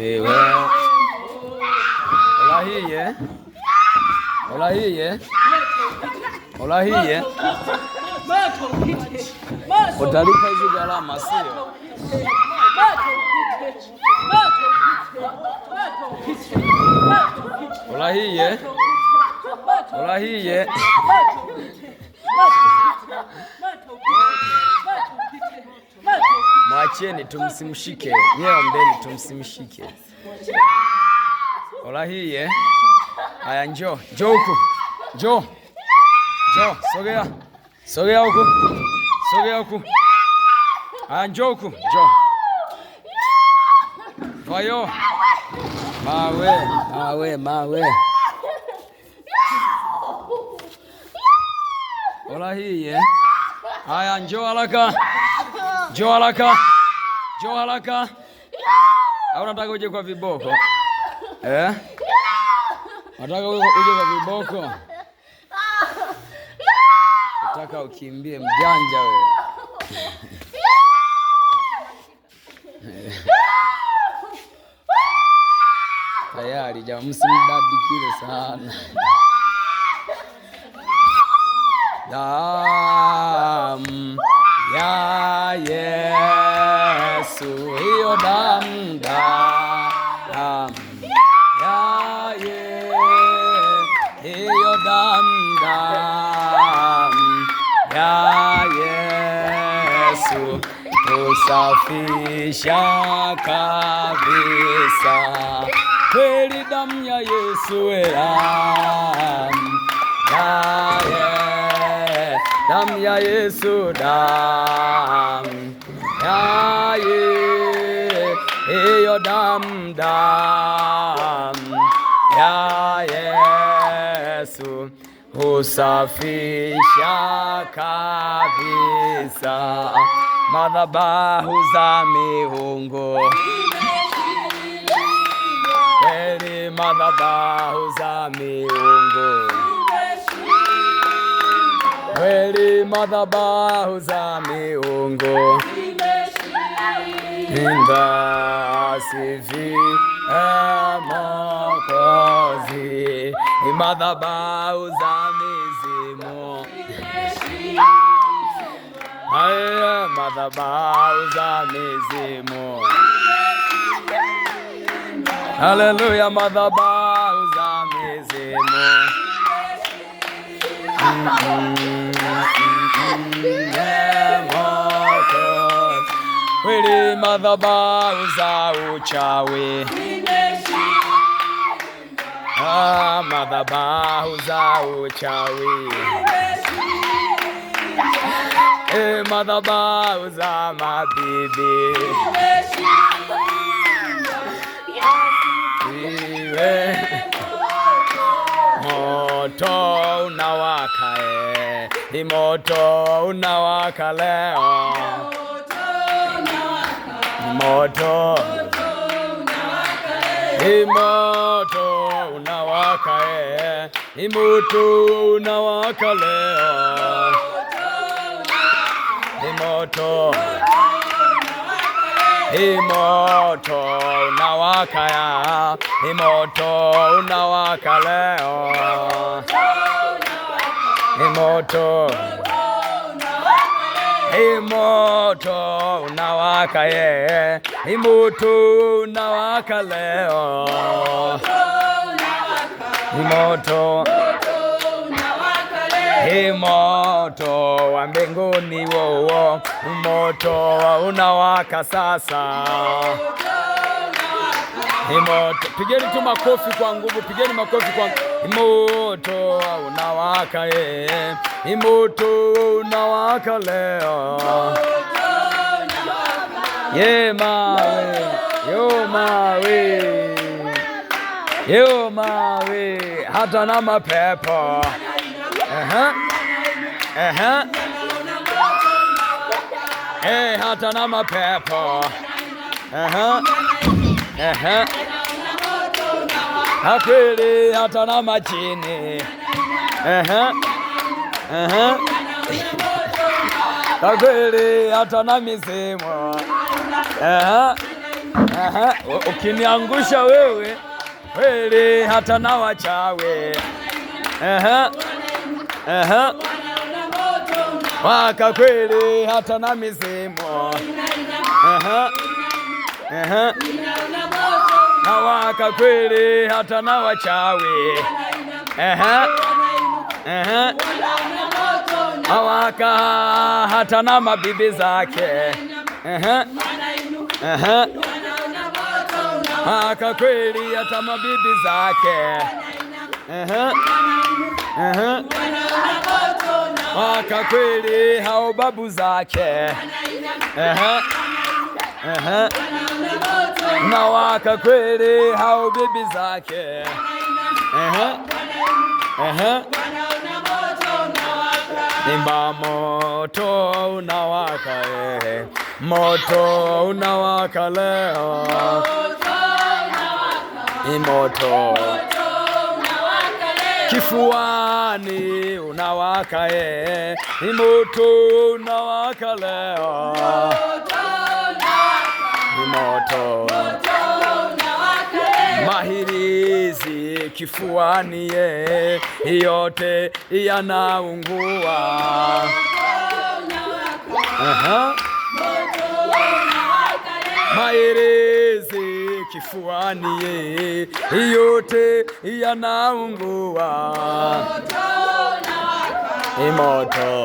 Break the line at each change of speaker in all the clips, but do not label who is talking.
Niwe olahiye olahiye olahiye, utalipa hizi gharama, sio olahiye olahiye Mwacheni tumsimshike, yeye mbele, tumsimshike. Ola hii eh? Haya, njo njo huku, njo njo, sogea sogea huku, sogea huku. Haya, njo huku, njo vayo mawe mawe mawe. Ola hii eh? Haya, njo haraka, njoo haraka. Njoo haraka au nataka uje kwa viboko eh? Nataka uje kwa viboko, ah! nataka ukimbie, mjanja wewe. Tayari jamaa, msimdadikile sana. Bwana Yesu husafisha kabisa, kweli damu ya Yesu elam daye damu ya Yesu damu daye iyo damu damu Usafiche safixa cabeça, barros a Mihongo. Ele barros a Mihongo. Ele barros a Mihongo. Ainda se vi é Hallelujah, mother madhabahu za mizimu haya madhabahu za mizimu Haleluya, madhabahu za mizimu mother madhabahu za uchawi Ah, madhabahu za uchawi eh, madhabahu za mabibi iwe moto unawaka ni moto unawaka leo moto moto ni moto unawaka leo, ni moto ni moto unawaka ya ni moto unawaka leo, ni moto ni moto unawaka yeye, ni moto unawaka leo ni moto ni moto wa mbinguni wowo, moto unawaka sasa, ni moto. Pigeni tu makofi kwa nguvu, pigeni makofi kwa moto unawaka, ye. ni moto unawaka leo, ye mawe yo mawe Yo mawe hata na mapepo eh eh Eh, hata na mapepo eh eh Hakili hata na majini eh eh Hakili hata na mizimu eh eh Ukiniangusha wewe kweli hata na wachawe waka kweli hata na mizimu na waka kweli hata na wachawi awaka hata na mabibi zake Aka ah, kweli hata mabibi zake aka ah, kweli hao babu zake na waka kweli hao bibi zake Nimba moto unawaka, moto unawaka leo ni moto, kifuani unawaka, e eh. ni moto unawaka leo, ni moto mahirizi kifuani, eh, yote yanaungua. Aha. mahirizi kifuani, ye yote yanaungua moto moto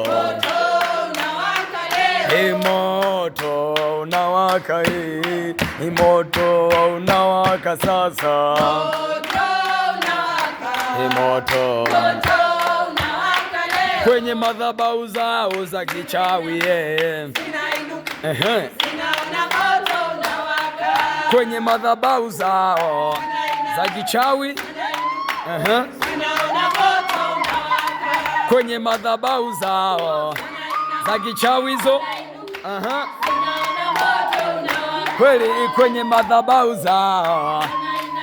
unawaka, ni moto unawaka sasa, moto kwenye madhabahu zao za kichawi, kwenye madhabahu zao za kichawi uh -huh. kwenye madhabahu zao za kichawi zo uh -huh. kweli kwenye madhabahu zao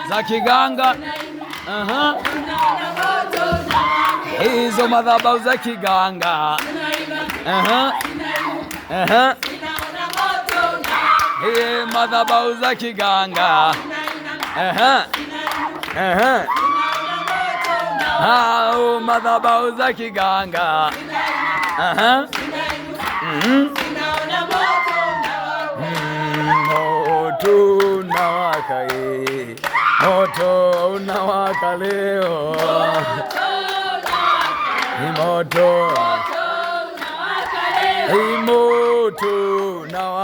za kiganga uh -huh. hizo madhabahu za kiganga uh -huh. Uh -huh iye madhabahu za kiganga au madhabahu za kiganga uh-huh. mm-hmm. mm, moto unawaka moto unawaka leo moto moto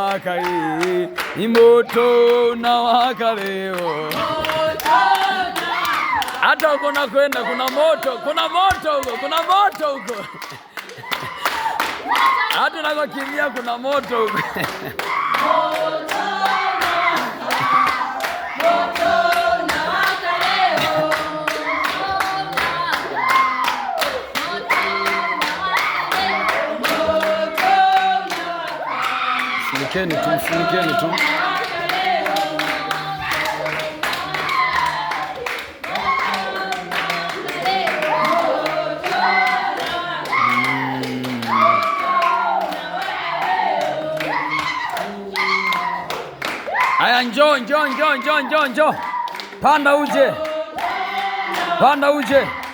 waka hii, ni moto na waka leo. Hata uko na kwenda, kuna moto, kuna moto huko, kuna moto huko, hata unakokimbia kuna moto huko mfunikeni tu, mfunikeni tu. Haya, njoo njoo njoo njoo njoo, panda uje, panda uje.